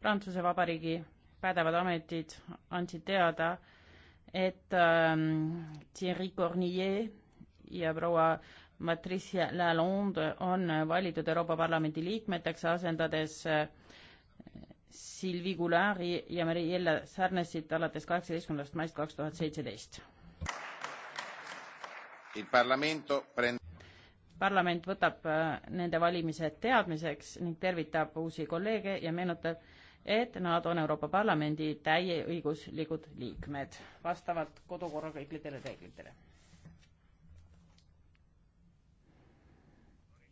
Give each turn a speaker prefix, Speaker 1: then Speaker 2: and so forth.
Speaker 1: Prantsuse Vabariigi pädevad ametid andsid teada, et ähm, Thierry Cornier ja proua Patricia Lalonde on valitud Euroopa Parlamendi liikmeteks, asendades äh, Sylvie Goulari ja Mariella Sarnesit alates kaheksateistkümnendast maist kaks tuhat seitseteist parlament võtab äh, nende valimised teadmiseks ning tervitab uusi kolleege ja meenutab, et nad on Euroopa Parlamendi täieõiguslikud liikmed vastavalt kodukorra kõikidele reeglitele.